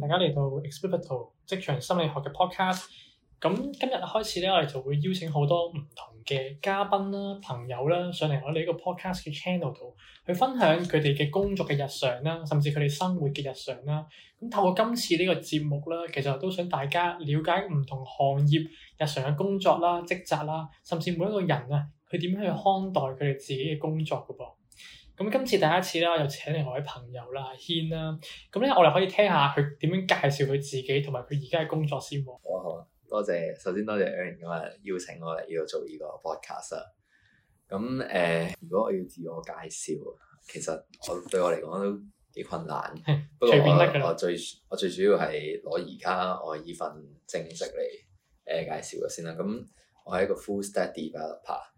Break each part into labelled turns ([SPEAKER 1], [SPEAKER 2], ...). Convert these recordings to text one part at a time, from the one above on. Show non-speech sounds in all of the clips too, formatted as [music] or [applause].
[SPEAKER 1] 大家嚟到 Expectable 職場心理學嘅 podcast，咁今日開始咧，我哋就會邀請好多唔同嘅嘉賓啦、朋友啦，上嚟我哋呢個 podcast 嘅 channel 度，去分享佢哋嘅工作嘅日常啦，甚至佢哋生活嘅日常啦。咁透過今次呢個節目啦，其實都想大家了解唔同行業日常嘅工作啦、職責啦，甚至每一個人啊，佢點樣去看待佢哋自己嘅工作㗎喎。咁、嗯、今次第一次啦，又請另外位朋友啦，軒啦。咁、嗯、咧，嗯嗯、我哋可以聽下佢點樣介紹佢自己，同埋佢而家嘅工作先
[SPEAKER 2] 喎。啊，多謝，首先多謝 Erin 咁 a 邀請我嚟要做呢個 podcast。咁誒、呃，如果我要自我介紹，其實我對我嚟講都幾困難。嗯、不過我我最我最主要係攞而家我依份正式嚟誒、呃、介紹嘅先啦。咁我係一個 full s t i d y developer。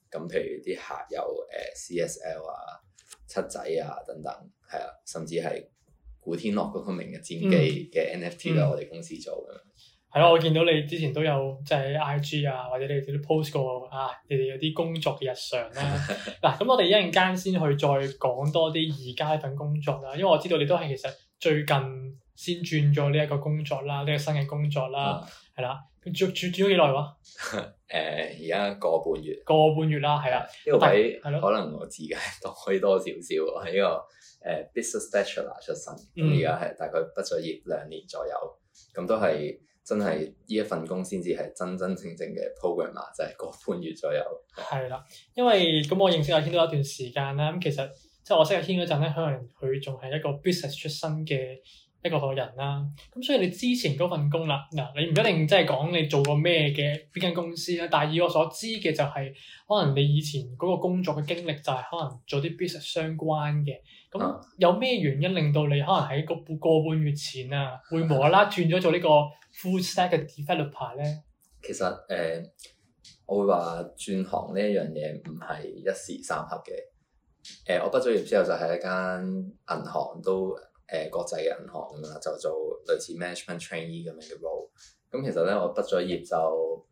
[SPEAKER 2] 咁譬如啲客有誒、呃、C S L 啊、七仔啊等等，係啊，甚至係古天樂嗰個明日戰記嘅 N F T、嗯嗯、都係我哋公司做嘅。
[SPEAKER 1] 係咯，我見到你之前都有即係、就是、I G 啊，或者你哋啲 post 過啊，你哋有啲工作嘅日常啦、啊。嗱，咁我哋一陣間先去再講多啲而家份工作啦，因為我知道你都係其實最近先轉咗呢一個工作啦，呢、這個新嘅工作啦。嗯。係啦，住做做咗幾耐
[SPEAKER 2] 喎？而家、啊 [laughs] 呃、個半月，個半月啦，係啦。呢底，係咯的，可能我自己多，可以多少少喺呢一個、呃、business bachelor 出身，咁而家係大概畢咗業兩年左右，咁都係真係呢一份工先至係真真正正嘅 programmer 就係個半月左右。
[SPEAKER 1] 係啦，因為咁我認識阿軒都有一段時間啦。咁其實即係我識阿軒嗰陣可能佢仲係一個 business 出身嘅。一個個人啦，咁所以你之前嗰份工啦，嗱你唔一定即係講你做過咩嘅邊間公司啦，但係以我所知嘅就係，可能你以前嗰個工作嘅經歷就係可能做啲 business 相關嘅，咁有咩原因令到你可能喺個半個半月前啊，會無啦啦轉咗做呢個 full stack 嘅 developer 咧？
[SPEAKER 2] 其實誒，我會話轉行呢一樣嘢唔係一時三刻嘅，誒我畢咗業之後就喺一間銀行都。誒國際嘅銀行咁啦，就做類似 management trainee 咁樣嘅 role。咁其實咧，我畢咗業就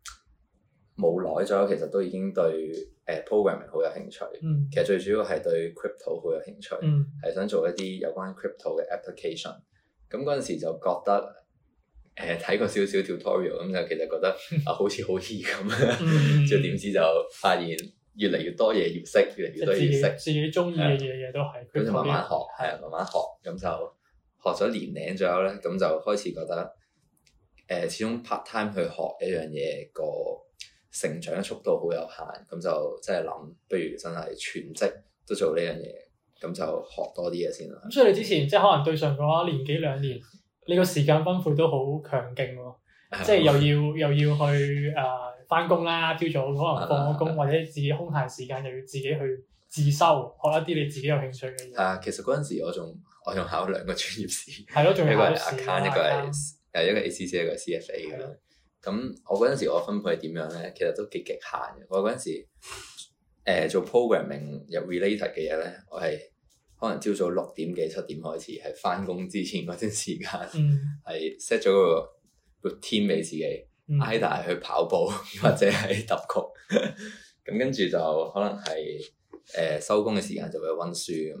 [SPEAKER 2] 冇耐咗，其實都已經對誒 programming 好有興趣。嗯。其實最主要係對 crypto 好有興趣。嗯。係想做一啲有關 crypto 嘅 application。咁嗰陣時就覺得誒睇、欸、過少少 tutorial 咁就其實覺得啊 [laughs] 好似好易咁。嗯。之後點知就發現。越嚟越多嘢要識，越嚟越多嘢識，自己中意嘅嘢嘢
[SPEAKER 1] 都係咁就慢慢學，
[SPEAKER 2] 係啊，慢慢學，咁就學咗年零左右咧，咁就開始覺得，誒、呃，始終 part time 去學一樣嘢，個成長速度好有限，咁 Sorry, 就即係諗，不如真係全職都做呢樣嘢，咁就學多啲嘢先啦。
[SPEAKER 1] 咁所以你之前即係可能對上嘅話，年幾兩年，你個時間分配都好強勁咯，
[SPEAKER 2] 即係又要
[SPEAKER 1] 又要去誒。 [music] 翻工啦，朝
[SPEAKER 2] 早可能放咗工，或者自己空閒時間又要自己去自修，學一啲你自己有興趣嘅嘢。啊，其實嗰陣時我仲我仲考兩個專業試，一個係 account，一個係又一個 ACCA，一個 CFA 咁樣。咁我嗰陣時我分配係點樣咧？其實都幾極限嘅。我嗰陣時誒做 programming 入 related 嘅嘢咧，我係可能朝早六點幾七點開始，係翻工之前嗰段時間，係 set 咗個 team 俾自己。挨大去跑步，或者係揼曲，咁 [laughs] 跟住就可能係誒收工嘅時間就會溫書咁樣，誒、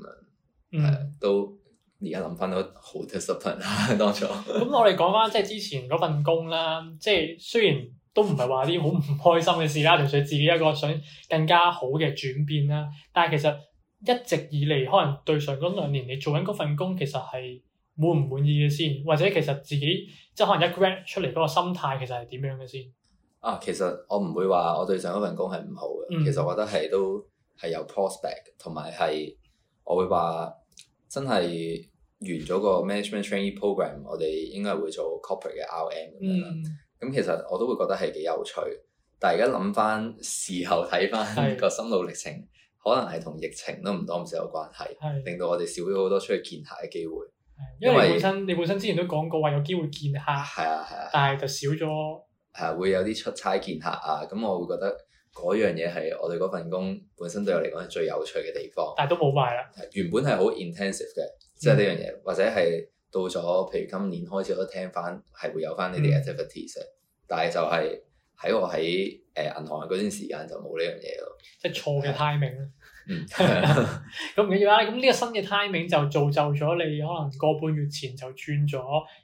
[SPEAKER 2] 嗯嗯、都而家諗翻都好 discipline 啊 [laughs] 當初。
[SPEAKER 1] 咁我哋講翻即係之前嗰份工啦，即係 [laughs] 雖然都唔係話啲好唔開心嘅事啦，純粹 [laughs] 自己一個想更加好嘅轉變啦。但係其實一直以嚟，可能對上嗰兩年你做緊嗰份工，其實係～滿唔滿意嘅先，或者其實自己即係可能一 grad 出嚟嗰個心態其實係點樣嘅先
[SPEAKER 2] 啊？其實我唔會話我對上一份工係唔好嘅，嗯、其實我覺得係都係有 prospect，同埋係我會話真係完咗個 management training program，我哋應該會做 corporate 嘅 RM 咁樣咁、嗯、其實我都會覺得係幾有趣，但係而家諗翻事後睇翻個心路歷程，是可能係同疫情都唔多唔少有關係，是令到我哋少咗好多出去見客嘅機會。因為本身為你本身之前都講過話有機會見客，係啊係啊，啊但係就少咗係會有啲出差見客啊，咁我會覺得嗰樣嘢係我哋嗰份工本身對我嚟講係最有趣嘅地方。但係都冇壞啦，原本係好 intensive 嘅，即係呢樣嘢，嗯、或者係到咗譬如今年開始我都聽翻係會有翻呢啲 activities，嗯、但係就係喺我喺誒、呃、銀行嗰段時間就冇呢樣嘢咯，
[SPEAKER 1] 即係錯嘅 timing。咁唔緊要啦，咁呢 [laughs] 個新嘅 timing 就造就咗你可能個半月前就轉咗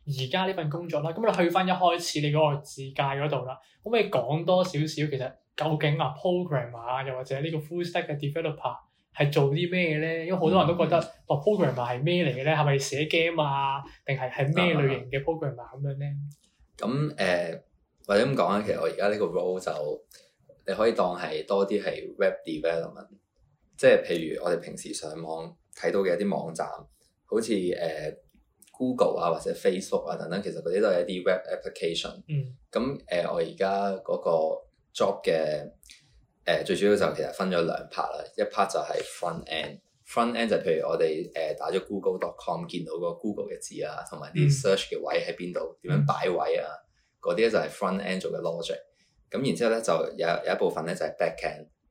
[SPEAKER 1] 而家呢份工作啦。咁你去返一開始你嗰個自介嗰度啦，可唔可以講多少少其實究竟啊 programmer 啊，又或者呢個 full stack 嘅 developer 係做啲咩咧？因為好多人都覺得，哇，programmer 係咩嚟嘅咧？係咪寫 game 啊？定係係咩類型嘅 programmer 咁樣咧？
[SPEAKER 2] 咁誒、嗯，或者咁講咧，其實我而家呢個 role 就你可以當係多啲係 web development。即係譬如我哋平時上網睇到嘅一啲網站，好似誒、呃、Google 啊或者 Facebook 啊等等，其實嗰啲都係一啲 web application。咁誒、嗯呃，我而家嗰個 job 嘅誒、呃、最主要就其實分咗兩 part 啦。一 part 就係 front end，front end 就譬如我哋誒、呃、打咗 Google.com 見到個 Google 嘅字啊，同埋啲 search 嘅位喺邊度，點樣擺位啊，嗰啲咧就係 front end 做嘅 logic。咁然之後咧就有有一部分咧就係 back end。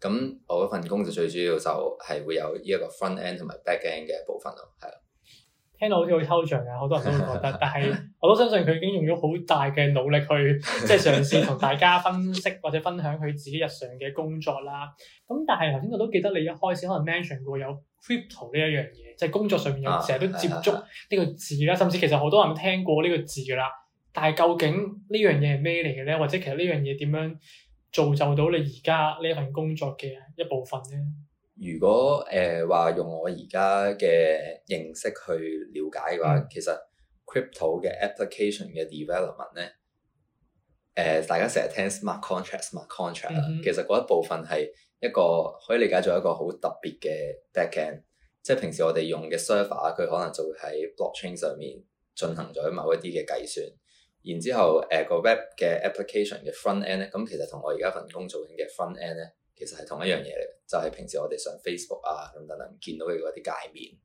[SPEAKER 2] 咁我份工就最主要就係會有呢一個 front end 同埋 back end 嘅部分咯，係。
[SPEAKER 1] 聽到好似好抽象嘅，好多人都會覺得， [laughs] 但係我都相信佢已經用咗好大嘅努力去即係、就是、嘗試同大家分析或者分享佢自己日常嘅工作啦。咁但係頭先我都記得你一開始可能 mention 過有 crypto 呢一樣嘢，即、就、係、是、工作上面有成日、啊、都接觸呢個字啦， [laughs] 甚至其實好多人聽過呢個字噶啦。但係究竟呢樣嘢係咩嚟嘅咧？或者其實呢樣嘢點樣，
[SPEAKER 2] 造就到你而家
[SPEAKER 1] 呢份工作嘅一部分咧。
[SPEAKER 2] 如果誒話、呃、用我而家嘅認識去了解嘅話，嗯、其實 crypto 嘅 application 嘅 development 咧，誒、呃、大家成日聽 smart contract smart contract 啦、嗯，其實嗰一部分係一個可以理解做一個好特別嘅 back end，即係平時我哋用嘅 server 佢可能就會喺 blockchain 上面進行咗某一啲嘅計算。然之後，誒、呃這個 web 嘅 application 嘅 front end 咧，咁其實同我而家份工做緊嘅 front end 咧，其實係同一樣嘢，嚟。就係、是、平時我哋上 Facebook 啊咁等等見到佢嗰啲界面。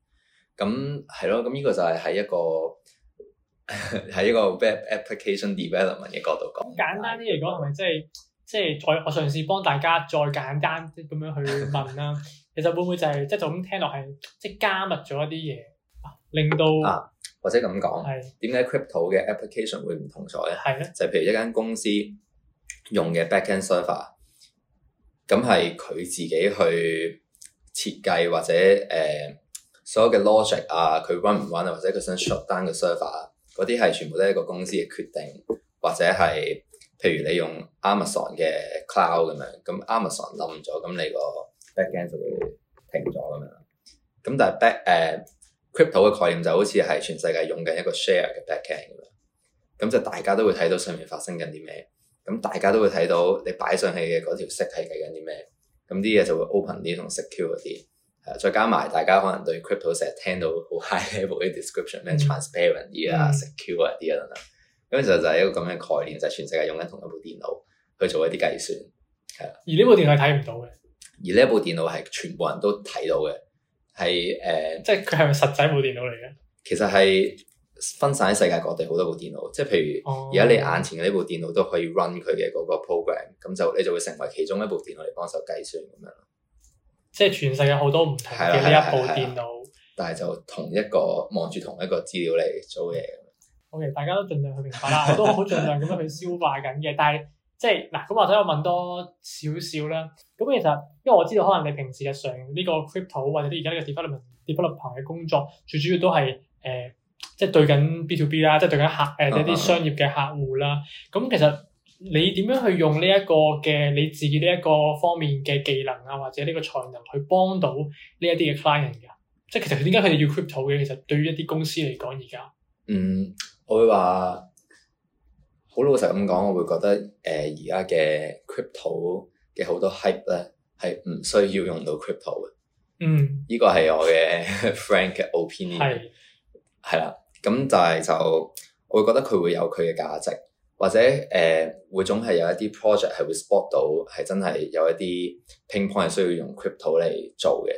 [SPEAKER 2] 咁係咯，咁呢個就係喺一個喺 [laughs] 一個 web application development 嘅角度講。
[SPEAKER 1] 簡單啲嚟講，係咪、就是、即係即係再我嘗試幫大家再簡單啲咁樣去問啦？ [laughs] 其實會唔會就係、是、即係就咁聽落係即係加密咗一啲嘢，
[SPEAKER 2] 令到啊？或者咁講係點解的 crypto 嘅 application 會唔同咗咧？係咧，就係譬如一間公司用嘅 back-end server，咁係佢自己去設計或者誒、呃、所有嘅 logic 啊，佢 run 唔 run 啊，或者佢想 shut down 嘅 server 啲，係全部都係一個公司嘅決定。或者係譬如你用 Amazon 嘅 cloud 咁樣，咁 Amazon 冧咗，咁你個 back-end 就會停咗咁樣，咁但係 back 誒、呃 Crypto 嘅概念就好似係全世界用緊一個 share 嘅 backend 咁樣，咁就大家都會睇到上面發生緊啲咩，咁大家都會睇到你擺上去嘅嗰條色係計緊啲咩，咁啲嘢就會 open 啲同 secure 嗰、啊、啲，係，再加埋大家可能對 crypto 成日聽到好 high level 嘅 description，咩 transparent 啲、嗯、啊，secure 啊啲啊等等，咁其實就係一個咁嘅概念，就係、是、全世界用緊同一部電腦去做一啲計算，係、啊、啦，
[SPEAKER 1] 而呢部，部電腦係睇唔到嘅，
[SPEAKER 2] 而呢部電腦係全部人都睇到嘅。係誒，呃、即係佢係咪實際部電腦嚟嘅？其實係分散喺世界各地好多部電腦，即係譬如而家你眼前嘅呢部電腦都可以 run 佢嘅嗰個 program，咁就你就會成為其中一部電腦嚟幫手計算咁樣。即係全世界好多唔同嘅呢一部電腦，啊啊啊啊、但係就同一個望住同一個資料嚟做嘢咁樣。OK，大家都盡量去明白
[SPEAKER 1] 啦， [laughs] 我都好盡量咁樣去消化緊嘅，但係。即係嗱，咁或者我問多少少啦。咁其實因為我知道可能你平時日常呢個 crypto 或者你而家呢個 development、development 嘅工作，最主要都係誒、呃，即係對緊 B to B 啦，即係對緊客誒，即係啲商業嘅客戶啦。咁、uh huh. 其實你點樣去用呢一個嘅你自己呢一個方面嘅技能啊，或者呢個才能去幫到呢一啲嘅 client 㗎？即係其實點解佢哋要 crypto 嘅？其實對於一啲公司嚟講而家，嗯，
[SPEAKER 2] 我會話。好老實咁講，我會覺得誒而、呃、家嘅 crypto 嘅好多 hype 咧係唔需要用到 crypto 嘅。嗯，依個係我嘅 Frank 嘅 opinion。係是。係啦，咁但係就我會覺得佢會有佢嘅價值，或者誒、呃、會總係有一啲 project 係會 spot 到，係真係有一啲 pinpoint 係需要用 crypto 嚟做嘅。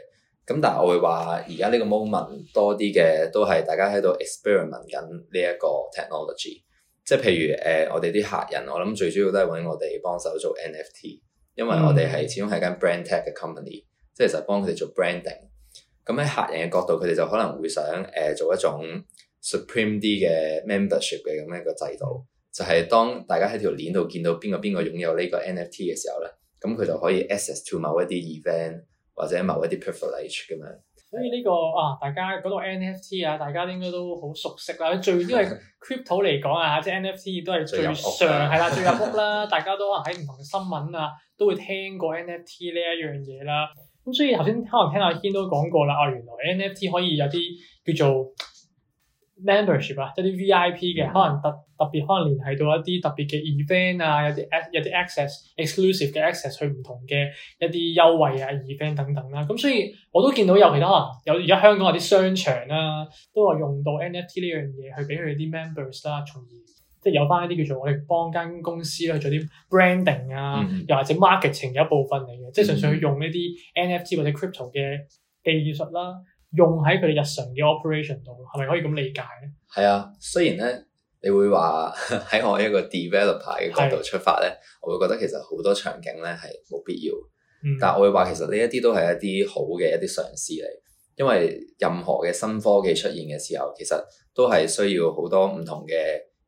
[SPEAKER 2] 咁但係我會話而家呢個 moment 多啲嘅都係大家喺度 experiment 緊呢一個 technology。即係譬如誒、呃，我哋啲客人，我諗最主要都係揾我哋幫手做 NFT，因為我哋係、嗯、始終係間 brand tech 嘅 company，即係就幫佢哋做 branding。咁喺客人嘅角度，佢哋就可能會想誒、呃、做一種 supreme 啲嘅 membership 嘅咁一個制度，就係、是、當大家喺條鏈度見到邊個邊個擁有呢個 NFT 嘅時候咧，咁佢就可以 access to 某一啲 event 或者某一啲 privilege 咁樣。
[SPEAKER 1] 所以呢、呢個啊，大家嗰、嗰個 NFT 啊，大家應該都好熟悉啦。最因為 crypto 嚟講啊， [laughs] 即係 NFT 都係最上係啦、啊，最入屋啦。 [laughs] 大家都可能喺唔同嘅新聞啊，都會聽過 NFT 呢一樣嘢啦。咁所以頭先可能聽阿軒都講過啦，啊原來 NFT 可以有啲叫做，membership 啊，members hip, 一啲 V.I.P. 嘅，可能特特別可能聯繫到一啲特別嘅 event 啊，有啲有啲 access exclusive 嘅 access 去唔同嘅一啲優惠啊，event 等等啦、啊。咁所以我都見到有其他可能有而家香港有啲商場啦、啊，都話用到 N.F.T. 呢樣嘢去俾佢啲 members 啦、啊，從而即係有翻一啲叫做我哋幫間公司去做啲 branding 啊，又或者、mm hmm. marketing 嘅一部分嚟嘅，即係純粹去用呢啲 N.F.T. 或者 crypto 嘅技術啦、啊。用喺佢哋日常嘅 operation 度，係咪可以咁理解咧？
[SPEAKER 2] 係啊，雖然咧，你會話喺 [laughs] 我一個 developer 嘅角度出發咧，是的 我會覺得其實好多場景咧係冇必要，嗯、但我會話其實呢一啲都係一啲好嘅一啲嘗試嚟，因為任何嘅新科技出現嘅時候，其實都係需要好多唔同嘅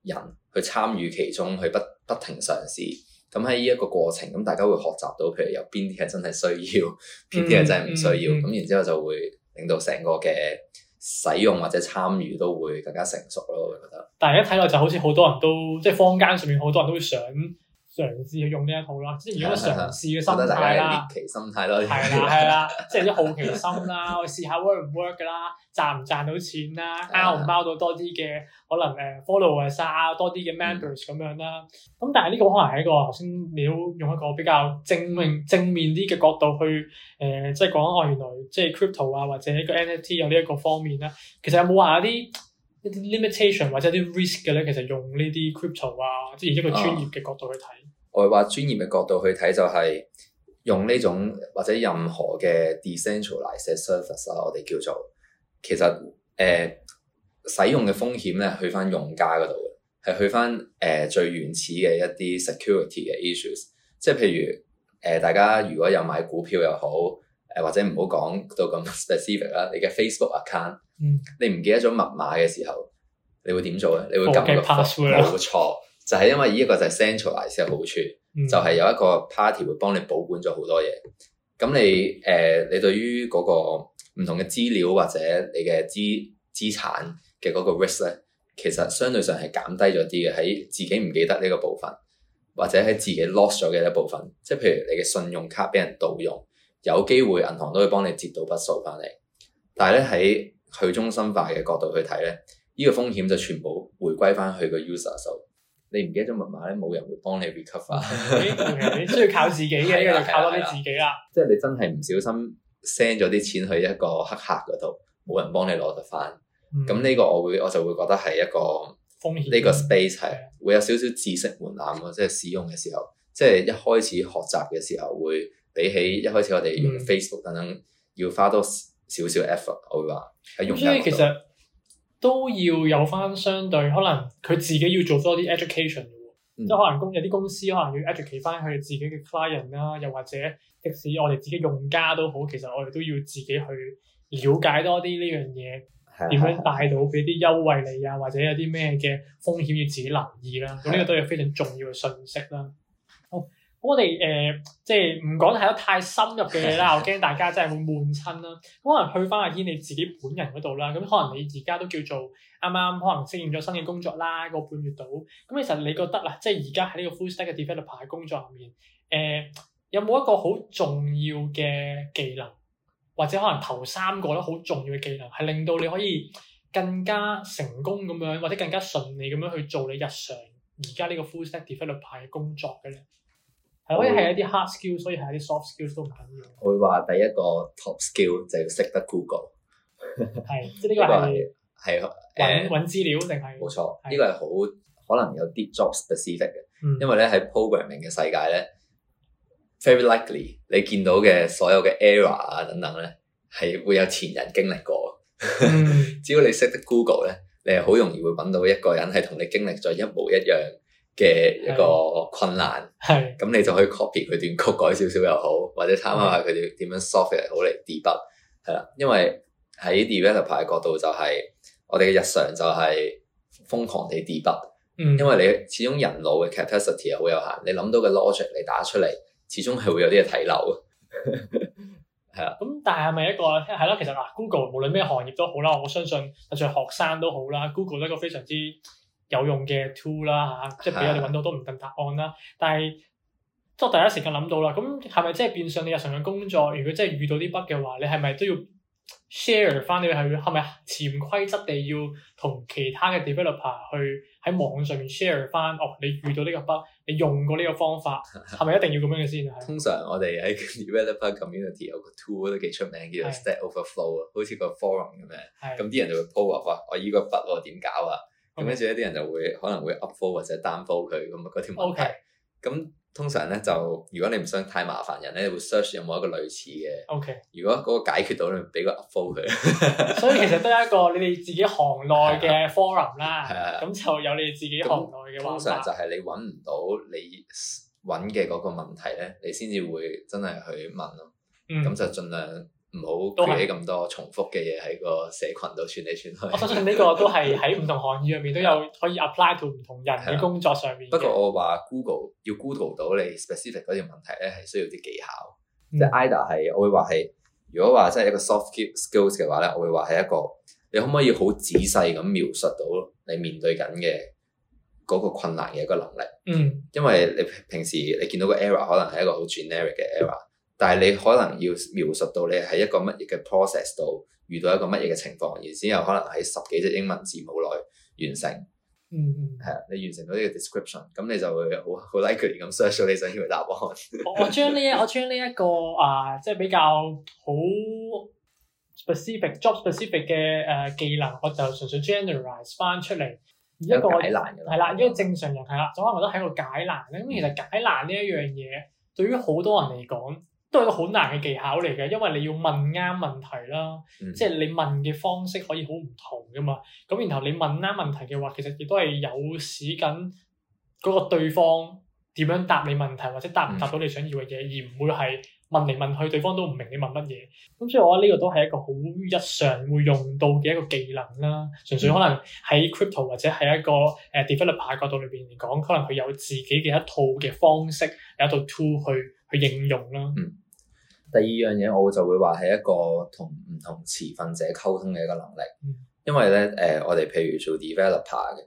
[SPEAKER 2] 人去參與其中，去不不停嘗試。咁喺呢一個過程，咁大家會學習到，譬如有邊啲人係真係需要，邊啲人係真係唔需要。咁、嗯、然之後就會。令到成個嘅使用或者參與都會更加成熟咯，我覺得。
[SPEAKER 1] 但係一睇落就好似好多人都，即係坊間上面好多人都會想。嘗試去用呢一套啦，
[SPEAKER 2] 即係如果嘅嘗試嘅心態啦，即好奇心態咯，係啦係啦，
[SPEAKER 1] 即係啲好奇心啦，去試下 work 唔 work 噶啦，賺唔賺到錢啦，包唔包到多啲嘅可能誒 follow 啊沙多啲嘅 members 咁樣啦，咁但係呢個可能係一個頭先你都用一個比較正面、嗯、正面啲嘅角度去誒、呃，即係講我原來即係 crypto 啊或者一個 NFT 有呢一個方面啦。其實有冇話一啲？一啲 limitation 或者啲 risk 嘅咧，其實用呢啲 crypto 啊，即係一個專業嘅角度去睇，啊。
[SPEAKER 2] 我話專業嘅角度去睇就係用呢種或者任何嘅 decentralized service 啊，我哋叫做其實誒、呃、使用嘅風險咧，去翻用家嗰度，係去翻誒、呃、最原始嘅一啲 security 嘅 issues，即係譬如誒、呃、大家如果有買股票又好。或者唔好講到咁 specific 啦、嗯，你嘅 Facebook account，你唔記得咗密碼嘅時候，你會點做咧？你會撳個 okay, password 冇錯，就係、是、因為呢一個就係 centralize 嘅好處，嗯、就係有一個 party 會幫你保管咗好多嘢。咁你誒、呃，你對於嗰個唔同嘅資料或者你嘅資資產嘅嗰個 risk 咧，其實相對上係減低咗啲嘅。喺自己唔記得呢個部分，或者喺自己 lost 咗嘅一部分，即係譬如你嘅信用卡俾人盜用。有機會銀行都會幫你截到筆數翻嚟，但係咧喺去中心化嘅角度去睇咧，呢、這個風險就全部回歸翻去個 user 手。你唔記得咗密碼咧，冇人會幫你 recover。咁 [noise] 你樂 [laughs] 需要靠自己嘅，呢個要靠多啲自己啦。即係、 [music] 啊啊啊、你真係唔小心 send 咗啲錢去一個黑客嗰度，冇人幫你攞得翻。咁呢、嗯、個我會我就會覺得係一個風險。呢個 space 係、嗯、會有少少知識門檻咯，啊、即係使用嘅時候，即係、就是、一開始學習嘅時候會。比起一開始我哋用 Facebook 等等，嗯、要花多少少 effort，我會話喺用所以其實
[SPEAKER 1] 都要有返相對，可能佢自己要做多啲 education 喎，嗯、即係可能公有啲公司可能要 educate 返佢自己嘅 client 啦，又或者即使我哋自己用家都好，其實我哋都要自己去了解多啲呢樣嘢，點樣帶到俾啲優惠你啊，或者有啲咩嘅風險要自己留意啦。咁呢的個都係非常重要嘅信息啦。好的。哦我哋誒、呃、即係唔講睇得太深入嘅嘢啦，我驚大家真係會悶親啦。咁 [laughs] 可能去翻阿軒你自己本人嗰度啦，咁可能你而家都叫做啱啱可能適應咗新嘅工作啦，個半月度。咁其實你覺得啊，即係而家喺呢個 full stack 嘅 developer 工作入面，誒、呃、有冇一個好重要嘅技能，或者可能頭三個咧好重要嘅技能，係令到你可以更加成功咁樣，或者更加順利咁樣去做你日常而家呢個 full stack developer 嘅工作嘅咧？
[SPEAKER 2] 我覺得係有啲 hard skills 所以係有啲 soft skills 都緊要。我會話第一個 top skill 就要識得 Google。係， [laughs] 即呢個係揾揾資料定係？冇錯，呢個係好可能有啲 jobs specific 嘅，嗯、因為咧喺 programming 嘅世界咧、嗯、very likely 你見到嘅所有嘅 error 啊等等咧，係會有前人經歷過。 [laughs] 只要你識得 Google 咧，你係好容易會揾到一個人係同你經歷咗一模一樣。嘅一個困難，係咁的你就可以 copy 佢段曲改少少又好，的或者參考下佢哋點樣 software 好嚟 debug 係啦。因為喺 developer 嘅角度就係、是，我哋嘅日常就係瘋狂地 debug、嗯、因為你始終人腦嘅 capacity 係好有限，你諗到嘅 logic 嚟打出嚟，始終係會有啲嘢睇漏嘅。啦 [laughs] 的，咁、嗯、
[SPEAKER 1] 但係係咪一個係咯？其實嗱、啊、，Google 無論咩行業都好啦，我相信就算學生都好啦，Google 都一個非常之。有用嘅 tool 啦嚇，即係俾我哋揾到都唔定答案啦。 但係即係第一時間諗到啦。咁係咪即係變相你日常嘅工作？如果真係遇到啲 bug 嘅話，你係咪都要 share 翻？你係係咪潛規則地要同其他嘅 developer 去喺網上面 share 翻？哦，你遇到呢個 bug，你用過呢個方法，係咪一定
[SPEAKER 2] 要咁樣嘅先？通常我哋喺 developer community 有個 tool 都幾出名嘅，叫 Stack Overflow 啊是，好似個 forum 咁樣。咁啲是人就會 po up 啊，這個、bug 我依個 bug 喎點搞啊？咁跟住咧，啲 Okay. 人就會可能會 upvote 或者 downvote 佢咁嘅嗰條問題。咁 Okay. 通常咧，就如果你唔想太麻煩人咧，你會 search 有冇一個類似嘅。O K。如果嗰個解決到咧，俾個 upvote 佢。 [laughs] 所以其實都有一個你哋自己行內嘅 forum 啦。係啊 [laughs] 的。咁就有你哋自己行內嘅、um 的。那通常就係你揾唔到你揾嘅嗰個問題咧，你先至會真係去問咯。咁、嗯、就盡量。唔好寄啲咁多重複嘅嘢喺個社群度串嚟串去。 [laughs] 我相信呢個都係喺
[SPEAKER 1] 唔同行業入面都
[SPEAKER 2] 有可以 apply to 唔 [laughs] 同人喺工作上面。 [laughs] 不過我話 Google 要 Google 到你 specific 嗰條問題咧，係需要啲技巧。即係 IDA 係，我會話係，如果話真係一個 soft skills 嘅話咧，我會話係一個你可唔可以好仔細咁描述到你面對緊嘅嗰個困難嘅一個能力。嗯，因為你平時你見到個 error 可能係一個好 generic 嘅 error。但係你可能要描述到你喺一個乜嘢嘅 process 度遇到一個乜嘢嘅情況，而先有可能喺十幾隻英文字母內完成。嗯，係啊，你完成到呢個 description，咁你就會好好 likely 咁 search 到你想要嘅答案。我將、這個、我
[SPEAKER 1] 將呢一我將呢一個啊、呃，即係比較好 specific [laughs] job specific 嘅誒技能，我就純粹 generalize 翻出嚟。而一個，一個解難㗎。係啦，因為正常人係啦，所可能覺得係一個解難咁其實解難呢一樣嘢，對於好多人嚟講，都係一個好難嘅技巧嚟嘅，因為你要問啱問題啦，嗯、即係你問嘅方式可以好唔同㗎嘛。咁然後你問啱問，問題嘅話，其實亦都係有試緊嗰個對方點樣答你問題，或者答唔答到你想要嘅嘢，嗯、而唔會係問嚟問去，對方都唔明你問乜嘢。咁所以我覺得呢個都係一個好日常會用到嘅一個技能啦。純粹可能喺 crypto 或者係一個誒 developer 角度裏邊嚟講，可能佢有自己嘅一套嘅方式，有一套
[SPEAKER 2] tool 去。去應用啦。嗯，第二樣嘢我就會話係一個同唔同持份者溝通嘅一個能力。嗯、因為咧，誒、呃，我哋譬如做 developer 嘅，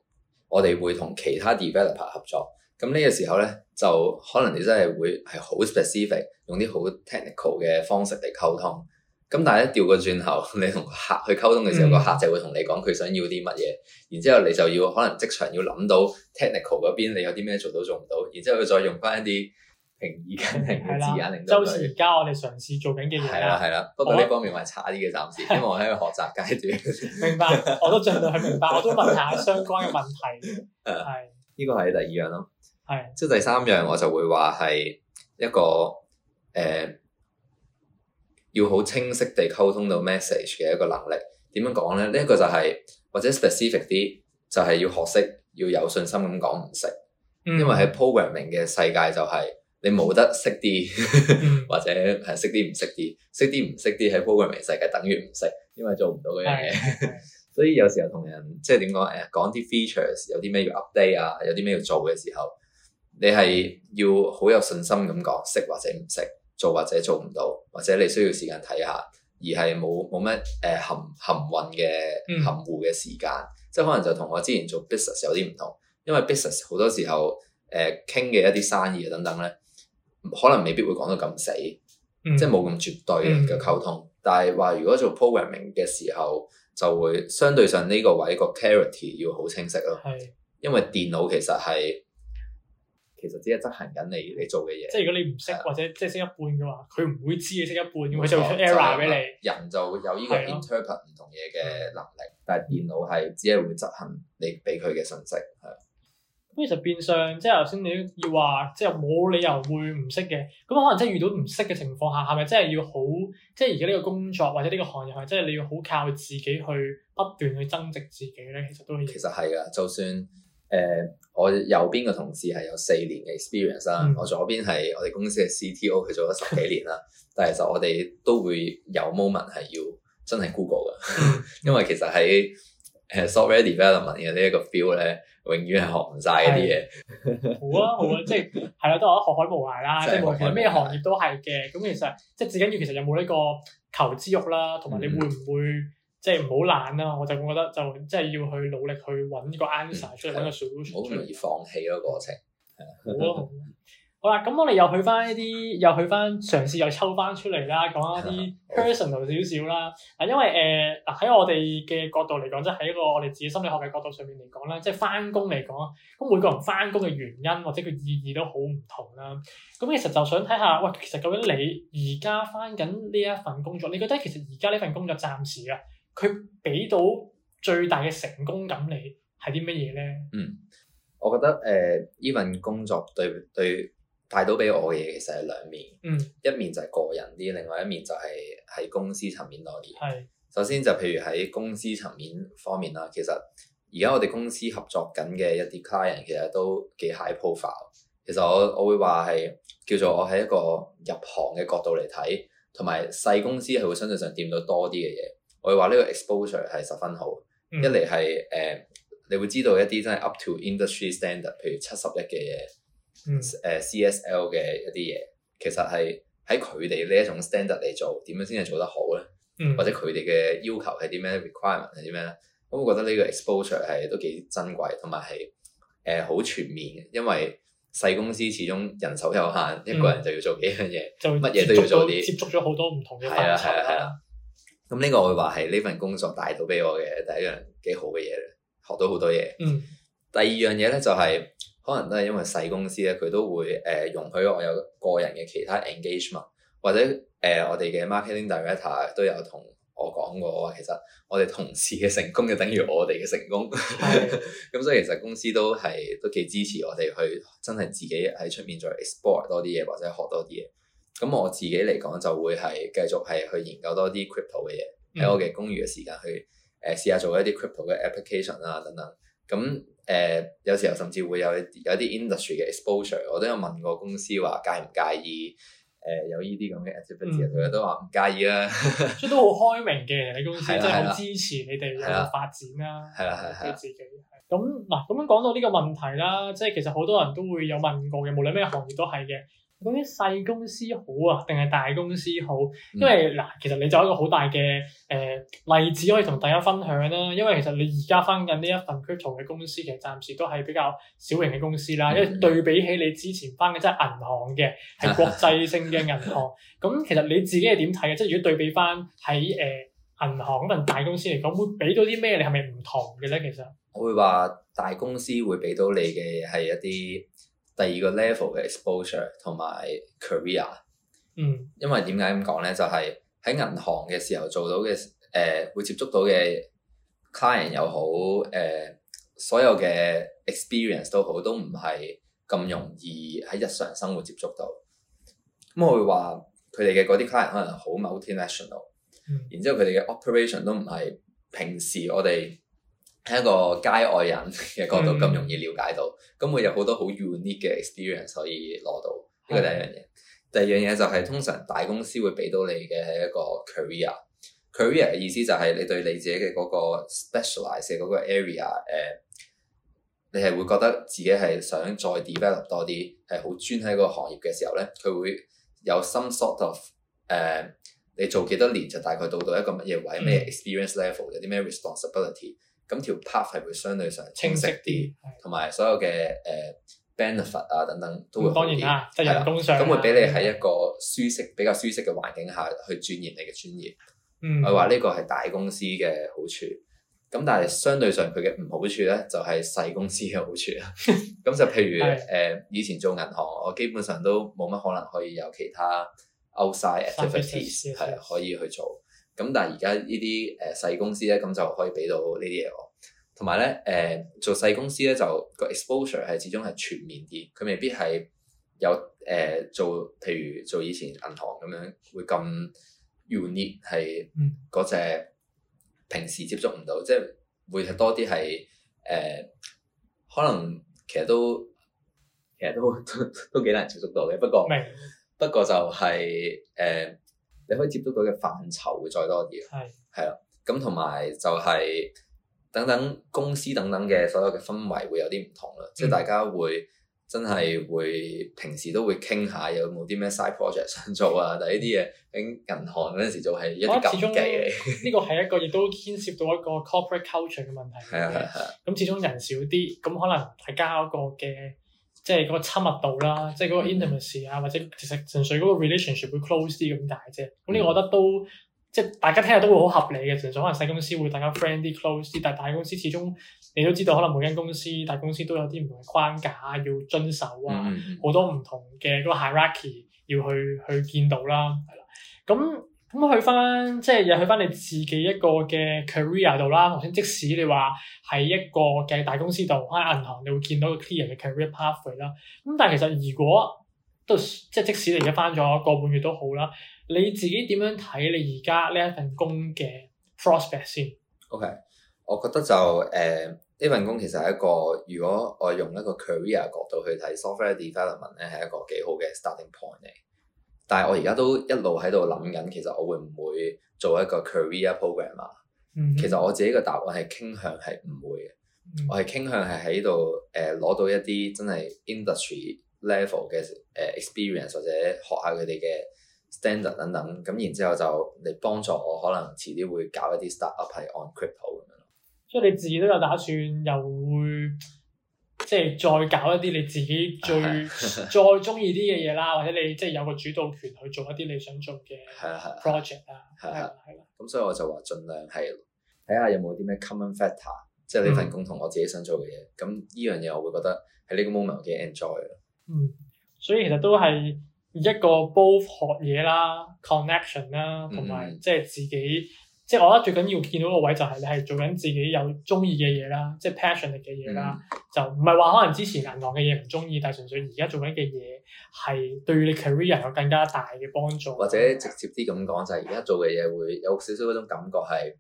[SPEAKER 2] 我哋會同其他 developer 合作。咁呢個時候咧，就可能你真係會係好 specific，用啲好 technical 嘅方式嚟溝通。咁但係一掉個轉頭，你同客去溝通嘅時候，個、嗯、客就會同你講佢想要啲乜嘢。然之後你就要可能即場要諗到 technical 嗰邊你有啲咩做到做唔到。然之後佢再用翻一啲。平易近人嘅字眼，令到，就是而
[SPEAKER 1] 家我哋嘗試做緊嘅嘢啦，係啦係啦，不過呢方面咪差啲
[SPEAKER 2] 嘅暫時， [laughs] 因為我喺度學習階段， [laughs] 明白，我都盡量去明白，我都問
[SPEAKER 1] 下
[SPEAKER 2] 相關嘅問題。誒，係呢個係第二樣咯。係的，即係第三樣，我就會話係一個誒、呃，要好清晰地溝通到 message 嘅一個能力。點樣講咧？呢、這、一個就係、是、或者 specific 啲，就係、是、要學識要有信心咁講唔識，因為喺 programming 嘅世界就係、是。嗯你冇得識啲， [laughs] 或者係識啲唔識啲，識啲唔識啲喺 programming 世界等於唔識，因為做唔到嗰樣嘢。是的 [laughs] 所以有時候同人即係點講？誒，講啲 features 有啲咩要 update 啊，有啲咩要做嘅時候，你係要好有信心咁講，識或者唔識，做或者做唔到，或者你需要時間睇下，而係冇冇咩誒含含混嘅含糊嘅時間。嗯、即係可能就同我之前做 business 有啲唔同，因為 business 好多時候誒傾嘅一啲生意等等咧。可能未必會講到咁死，嗯、即係冇咁絕對嘅溝通。嗯、但係話如果做 programming 嘅時候，就會相對上呢個位個 clarity 要好清晰咯。係是，因為電腦其實係其實只係執行緊你你做嘅嘢。即係如果
[SPEAKER 1] 你唔識是或者即係識一半嘅話，佢唔會知你識一半，佢錯就會出 error 俾你。就
[SPEAKER 2] 人就會有呢個 interpret 唔的同嘢嘅能力，的但係電腦係只係會執行你俾佢嘅信息。
[SPEAKER 1] 咁其實變相即係頭先你要話，即係冇理由會唔識嘅。咁可能即係遇到唔識嘅情況下，係咪真係要好？即係而家呢個工作或者呢個行業係真係你要好靠自己去不斷去增值自己咧？其實都
[SPEAKER 2] 其實係噶。就算誒、呃，我右邊嘅同事係有四年嘅 experience 啊，嗯、我左邊係我哋公司嘅 CTO，佢做咗十幾年啦。 [laughs] 但係其實我哋都會有 moment 係要真係 Google 㗎， [laughs] 因為其實喺誒 software development 嘅呢一個 feel 咧。永遠係學唔曬嗰啲嘢， [laughs] [laughs] 好啊好啊，即係
[SPEAKER 1] 係啦，都話學海無涯啦、啊，即係冇咩行業都係嘅。咁其實即係至緊要，其實有冇呢個求知欲啦、啊，同埋你會唔會即係唔好懶啦、啊？我就覺得就即係要去努力去揾呢個 answer 出嚟，揾、嗯嗯、個 solution，冇咁容易
[SPEAKER 2] 放棄咯、啊、過程。
[SPEAKER 1] 好啦，咁我哋又去翻一啲，又去翻，嘗試又抽翻出嚟啦，講一啲 personal 少少啦。嗱， [music] 因為誒，嗱、呃、喺我哋嘅角度嚟講，即係喺一個我哋自己心理學嘅角度上面嚟講咧，即係翻工嚟講，咁每個人翻工嘅原因或者嘅意義都好唔同啦。咁其實就想睇下，喂、呃，其實究竟你而家翻緊呢一份工作，你覺得其實而家呢份工作暫時啊，佢俾到最大嘅成功感你係啲乜嘢
[SPEAKER 2] 咧？嗯，我覺得誒，呢、呃、份工作對對。派到俾我嘅嘢其實係兩面，嗯、一面就係個人啲，另外一面就係喺公司層面多啲。係是，首先就譬如喺公司層面方面啦，其實而家我哋公司合作緊嘅一啲 client 其實都幾 high profile。其實我我會話係叫做我喺一個入行嘅角度嚟睇，同埋細公司係會相對上掂到多啲嘅嘢。我會話呢個 exposure 係十分好，嗯、一嚟係誒，你會知道一啲真係 up to industry standard，譬如七十一嘅嘢。嗯，誒 CSL 嘅一啲嘢，其實係喺佢哋呢一種 standard 嚟做，點樣先係做得好咧？嗯，mm. 或者佢哋嘅要求係啲咩 requirement 係啲咩咧？咁我覺得呢個 exposure 係都幾珍貴，同埋係誒好全面嘅，因為細公司始終人手有限，mm. 一個人就要做幾樣嘢，乜嘢都要做啲，接觸咗好多唔
[SPEAKER 1] 同嘅係啊，
[SPEAKER 2] 係啊。咁呢、啊啊、個我會話係呢份工作帶到俾我嘅第一樣幾好嘅嘢啦，學到好多嘢。嗯，mm. 第二樣嘢咧就係、是。可能都係因為細公司咧，佢都會誒容許我有個人嘅其他 engagement，或者誒我哋嘅 marketing director 都有同我講過，其實我哋同事嘅成功就等於我哋嘅成功，咁所以其實公司都係都幾支持我哋去真係自己喺出面再 explore 多啲嘢或者學多啲嘢。咁我自己嚟講就會係繼續係去研究多啲 crypto 嘅嘢，喺我嘅公寓嘅時間去誒試下做一啲 crypto 嘅 application 啊等等。咁誒、呃，有時候甚至會有有啲 industry 嘅 exposure，我都有問過公司話介唔介意誒、呃、有呢啲咁嘅 activity，佢哋都話唔介意啦，即係、嗯、 [laughs] 都好開明嘅你公司，真係好支
[SPEAKER 1] 持你哋有發展啦，係啦係啦，啊、自己咁嗱，咁樣講到呢個問題啦，即、就、係、是、其實好多人都會有問過嘅，無論咩行業都係嘅。究竟細公司好啊，定係大公司好？因為嗱，其實你就有一個好大嘅誒、呃、例子可以同大家分享啦。因為其實你而家翻緊呢一份 crypto 嘅公司，其實暫時都係比較小型嘅公司啦。嗯、因為對比起你之前翻嘅即係銀行嘅，係國際性嘅銀行。咁 [laughs] 其實你自己係點睇嘅？即係如果對比翻喺誒銀行可能大公司嚟講，會俾到啲咩？你係咪唔同嘅咧？其實
[SPEAKER 2] 我會話大公司會俾到你嘅係一啲。第二個 level 嘅 exposure 同埋 career，嗯，因為點解咁講咧？就係喺銀行嘅時候做到嘅，誒、呃，會接觸到嘅 client 又好，誒、呃，所有嘅 experience 都好，都唔係咁容易喺日常生活接觸到。咁我會話佢哋嘅嗰啲 client 可能好 multinational，嗯，然之後佢哋嘅 operation 都唔係平時我哋喺一個街外人嘅角度咁容易了解到，咁、嗯、會有好多好 unique 嘅 experience 可以攞到，呢、嗯、個第一樣嘢。第二樣嘢就係、是、通常大公司會俾到你嘅係一個 career，career 嘅意思就係你對你自己嘅嗰個 specialize 嗰個 area，誒、呃，你係會覺得自己係想再 develop 多啲，係好專喺個行業嘅時候咧，佢會有 some sort of 誒、呃，你做幾多年就大概到到一個乜嘢位，咩、嗯、experience level，有啲咩 responsibility。咁條 path 係會相對上清晰啲，同埋晰所有嘅誒 benefit 啊、嗯、等等都會多啲，係啦。咁會俾你喺一個舒適、比較舒適嘅環境下去鑽研你嘅專業。嗯、
[SPEAKER 1] 我話呢
[SPEAKER 2] 個係大公司嘅好處，咁、嗯、但係相對上佢嘅唔好處咧，就係細公司嘅好處啊。咁就譬如誒，的以前做銀行，我基本上都冇乜可能可以有其他 outside activities 係可以去做。咁但係而家呢啲誒細公司咧，咁就可以俾到呢啲嘢我。同埋咧誒做細公司咧，就個 exposure 係始終係全面啲，佢未必係有誒、呃、做，譬如做以前銀行咁樣會咁 unique 係嗰隻，平時接觸唔到，嗯、即係會係多啲係誒，可能其實都其實都都都幾難接觸到嘅。不過 [laughs] 不，不過就係、是、誒。呃你可以接觸佢嘅範疇會再多啲，係係啦，咁同埋就係等等公司等等嘅所有嘅氛圍會有啲唔同啦，嗯、即係大家會真係會平時都會傾下有冇啲咩 side project 想做啊，但係呢啲嘢喺銀行嗰陣時就係一啲嘅。
[SPEAKER 1] 呢個係一個亦都牽涉到一個 corporate culture 嘅問題。係係。咁始終人少啲，咁可能係交一個嘅。即係嗰個親密度啦，即係嗰個 intimacy 啊，或者其實純粹嗰個 relationship 會 close 啲咁解啫。咁呢個我覺得都即係大家聽日都會好合理嘅。純粹可能細公司會大家 friend 啲 close 啲，但係大公司始終你都知道，可能每間公司大公司都有啲唔同嘅框架要遵守啊，好 Yes. 多唔同嘅嗰個 hierarchy 要去去見到啦。係啦，咁。咁、嗯、去返即係又去返你自己一個嘅 career 度啦。頭先即使你話喺一個嘅大公司度，喺銀行你會見到啲人嘅 career pathway 啦。咁但係其實如果都即係即使你而家返咗個半月都好啦，你自己點樣睇你而家呢一份工嘅
[SPEAKER 2] prospect 先？OK，我覺得就誒呢、呃、份工其實係一個，如果我用一個 career 角度去睇 software development 咧，係一個幾好嘅 starting point 嚟。但係我而家都一路喺度諗緊，其實我會唔會做一個 career programme？Mm hmm. 其實我自己嘅答案係傾向係唔會嘅
[SPEAKER 1] ，mm hmm. 我係
[SPEAKER 2] 傾向係喺度誒攞到一啲真係 industry level 嘅誒 experience 或者學下佢哋嘅 standard 等等，咁然之後就你幫助我可能遲啲會搞一啲 startup 係 on crypto 咁樣咯。
[SPEAKER 1] 即係你自己都有打算，又會。即係再搞一啲你自己最 [laughs] 再中意啲嘅嘢啦，或者你即係有個主導權去做一啲你想做嘅
[SPEAKER 2] project 啊， [laughs] 係啊，係啦。咁所以我就話盡量係睇下有冇啲咩 common factor，嗯，即係呢份工同我自己想做嘅嘢。咁呢樣嘢我會覺得喺呢個 moment 我幾 enjoy 啊。嗯，所以其實都係
[SPEAKER 1] 一個 both 學嘢啦，connection 啦，同埋即係自己。即係我覺得最緊要見到個位就係你係做緊自己有中意嘅嘢啦，即係 passion 嚟嘅嘢啦，就唔係話可能之前銀行嘅嘢唔中意，但係純粹而家做緊嘅嘢係對你 career 有更加大嘅幫助。或者
[SPEAKER 2] 直接啲咁講，就係而家做嘅嘢會有少少嗰種感覺係，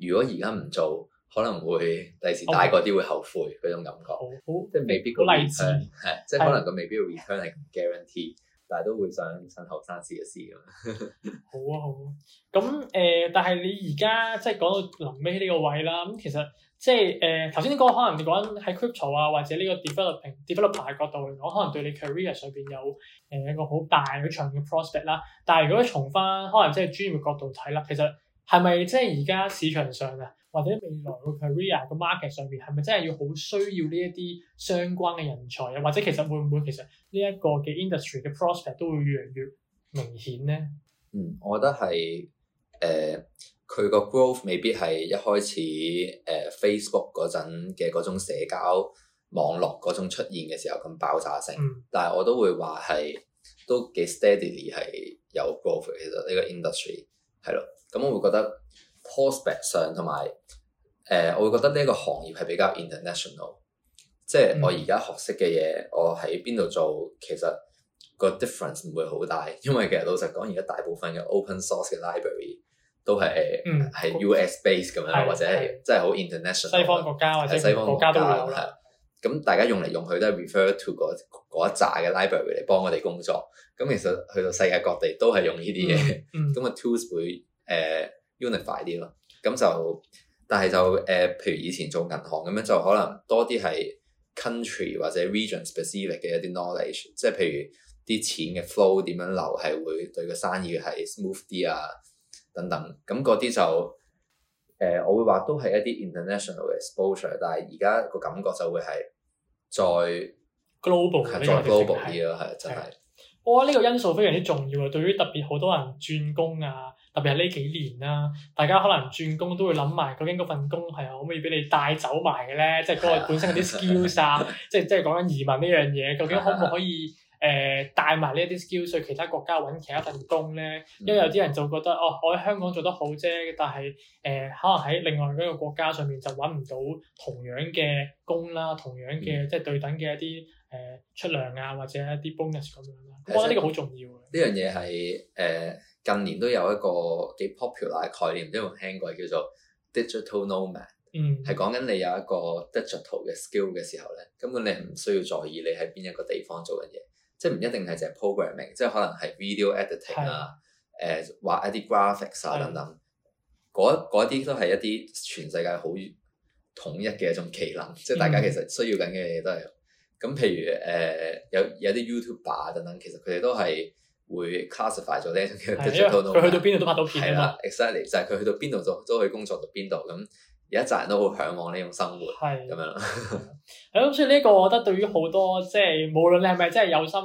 [SPEAKER 2] 如果而家唔做，可能會第時大個啲會後悔嗰 Okay. 種感覺。好好即係未必個例子，係即係可能佢未必會 return 係 guarantee。 [laughs] 但係都會想趁後生試一試咁。 [laughs] 好啊，好啊。咁誒、呃，但係你而
[SPEAKER 1] 家即係講到臨尾呢個位啦。咁其實即係誒頭先呢個可能你講緊喺 crypto 啊，或者呢個 developing developer 嘅角度嚟講，可能對你 career 上邊有誒、呃、一個好大嘅長遠 prospect 啦。但係如果從翻可能即係專業嘅角度睇啦，其實係咪即係而家市場上啊？或者未來個 career 個 market 上邊係咪真係要好需要呢一啲相關嘅人才啊？或者其實會唔會其實呢一個嘅 industry 嘅 prospect 都會越嚟越明顯咧？
[SPEAKER 2] 嗯，我覺得係誒，佢、呃、個 growth 未必係一開始誒、呃、Facebook 嗰陣嘅嗰種社交網絡嗰種出現嘅時候咁爆炸性，嗯、但係我都會話係都幾 steadily 係有 growth 嘅。其實呢個 industry 係咯，咁我會覺得。prospect 上同埋，誒、呃，我會覺得呢一個行業係比較 international，即係我而家學識嘅嘢，我喺邊度做，其實個 difference 唔會好大，因為其實老實講，而家大部分嘅 open source 嘅 library 都係係、嗯、US base 咁樣，嗯、或者係是真係好 international，西
[SPEAKER 1] 方國家或者西方國家,方國家,國家都係，
[SPEAKER 2] 咁大家用嚟用去都係 refer to 嗰一紮嘅 library 嚟幫我哋工作，咁其實去到世界各地都係用呢啲嘢，咁嘅 tools 會誒。呃 unify 啲咯，咁就但係就誒、呃、譬如以前做銀行咁樣就可能多啲係 country 或者 region specific 嘅一啲 knowledge，即係譬如啲錢嘅 flow 點樣流係會對個生意係 smooth 啲啊等等，咁嗰啲就誒、呃、我會話都係一啲 international 嘅 exposure，但係而家個感覺就會係再 global，再 global，係再 global 啲咯，係，真係。就係
[SPEAKER 1] 我覺得呢個因素非常之重要啊！對於特別好多人轉工啊，特別係呢幾年啦、啊，大家可能轉工都會諗埋究竟嗰份工係可唔可以俾你帶走埋嘅咧？即係嗰個本身嗰啲 skills 啊， [laughs] 即係即係講緊移民呢樣嘢，究竟可唔可以誒帶埋呢一啲 skills 去其他國家揾其他份工咧？因為有啲人就覺得哦，我喺香港做得好啫，但係誒、呃、可能喺另外嗰個國家上面就揾唔到同樣嘅工啦、啊，同樣嘅即係對等嘅一啲。誒出糧啊，或
[SPEAKER 2] 者一啲 bonus 咁樣啦，的我覺得呢個好重要。呢樣嘢係誒近年都有一個幾 popular 嘅概念，都有聽過叫做 digital nomad。嗯，係講緊你有一個 digital 嘅 skill 嘅時候咧，根本你唔需要在意你喺邊一個地方做緊嘢，即係唔一定係淨係 programming，即係可能係 video editing 啊，誒畫的、呃、一啲 graphics 啊等等，嗰啲的都係一啲全世界好統一嘅一種技能，即係大家其實需要緊嘅嘢都係、嗯。咁譬如誒、呃、有有啲 YouTuber 等等，其實佢哋都係會 classify 咗咧。係啊、 [laughs] 嗯，佢 [laughs] 去到邊度都拍到片啦。係啦，exactly，就係佢去到邊度都都去工作到邊度咁。有一紮人都好向往呢種生活，係咁是
[SPEAKER 1] 樣啦。咁、 [laughs] 嗯、所以呢個，我覺得對於好多即係、就是、無論你係咪真係有心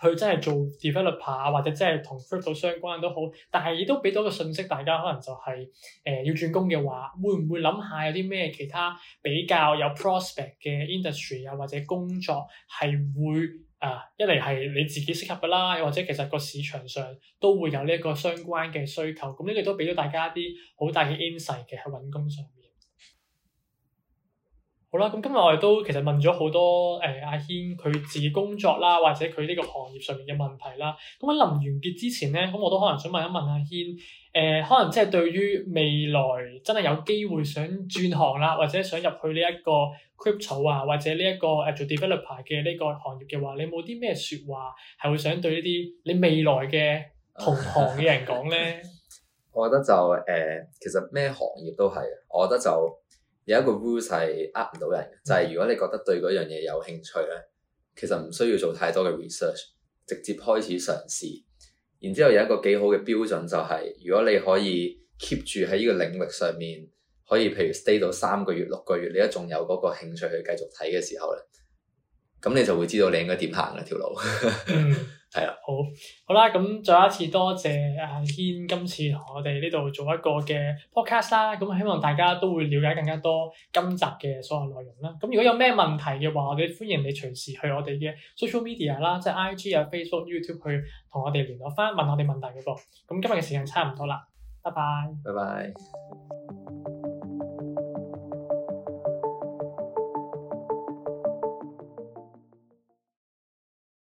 [SPEAKER 1] 去真係做 developer 或者真係同 crypto 相關都好，但係亦都俾到個信息，大家可能就係、是、誒、呃、要轉工嘅話，會唔會諗下有啲咩其他比較有 prospect 嘅 industry 啊，或者工作係會啊、呃、一嚟係你自己適合噶啦，又或者其實個市場上都會有呢一個相關嘅需求。咁呢個都俾咗大家一啲好大嘅 insight 嘅喺揾工上。好啦，咁今日我哋都其實問咗好多誒阿、呃、軒佢自己工作啦，或者佢呢個行業上面嘅問題啦。咁喺臨完結之前咧，咁我都可能想問一問阿軒誒、呃，可能即係對於未來真係有機會想轉行啦，或者想入去呢一個 crypto 啊，或者呢、這、一個、呃、做 developer 嘅呢個行業嘅話，你冇啲咩説話係會想對呢啲你未來嘅同行嘅人講咧？
[SPEAKER 2] [laughs] 我覺得就誒、呃，其實咩行業都係，我覺得就。有一個 rule 係呃唔到人嘅，就係如果你覺得對嗰樣嘢有興趣咧，其實唔需要做太多嘅 research，直接開始嘗試。然之後有一個幾好嘅標準就係，如果你可以 keep 住喺呢個領域上面，可以譬如 stay 到三個月、六個月，你都仲有嗰個興趣去繼續睇嘅時候咧。咁你就會知道你應該點行啦條路。嗯，係啊 [laughs] 的，好，
[SPEAKER 1] 好啦，咁再一次多謝阿軒今次同我哋呢度做一個嘅 podcast 啦。咁希望大家都會了解更加多今集嘅所有內容啦。咁如果有咩問題嘅話，我哋歡迎你隨時去我哋嘅 social media 啦，即係 IG 啊、Facebook、YouTube 去同我哋聯絡翻，問我哋問題嘅噃。咁今日嘅時間差唔多啦，拜拜，拜拜。